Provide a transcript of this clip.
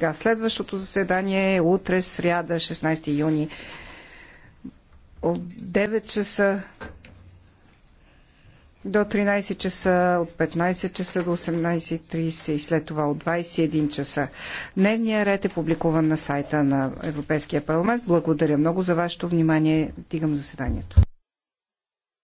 Сега, следващото заседание е утре, сряда, 16 юни. От 9 часа до 13 часа, от 15 часа до 18.30 и след това от 21 часа. Дневният ред е публикуван на сайта на Европейския парламент. Благодаря много за вашето внимание. Дигам заседанието.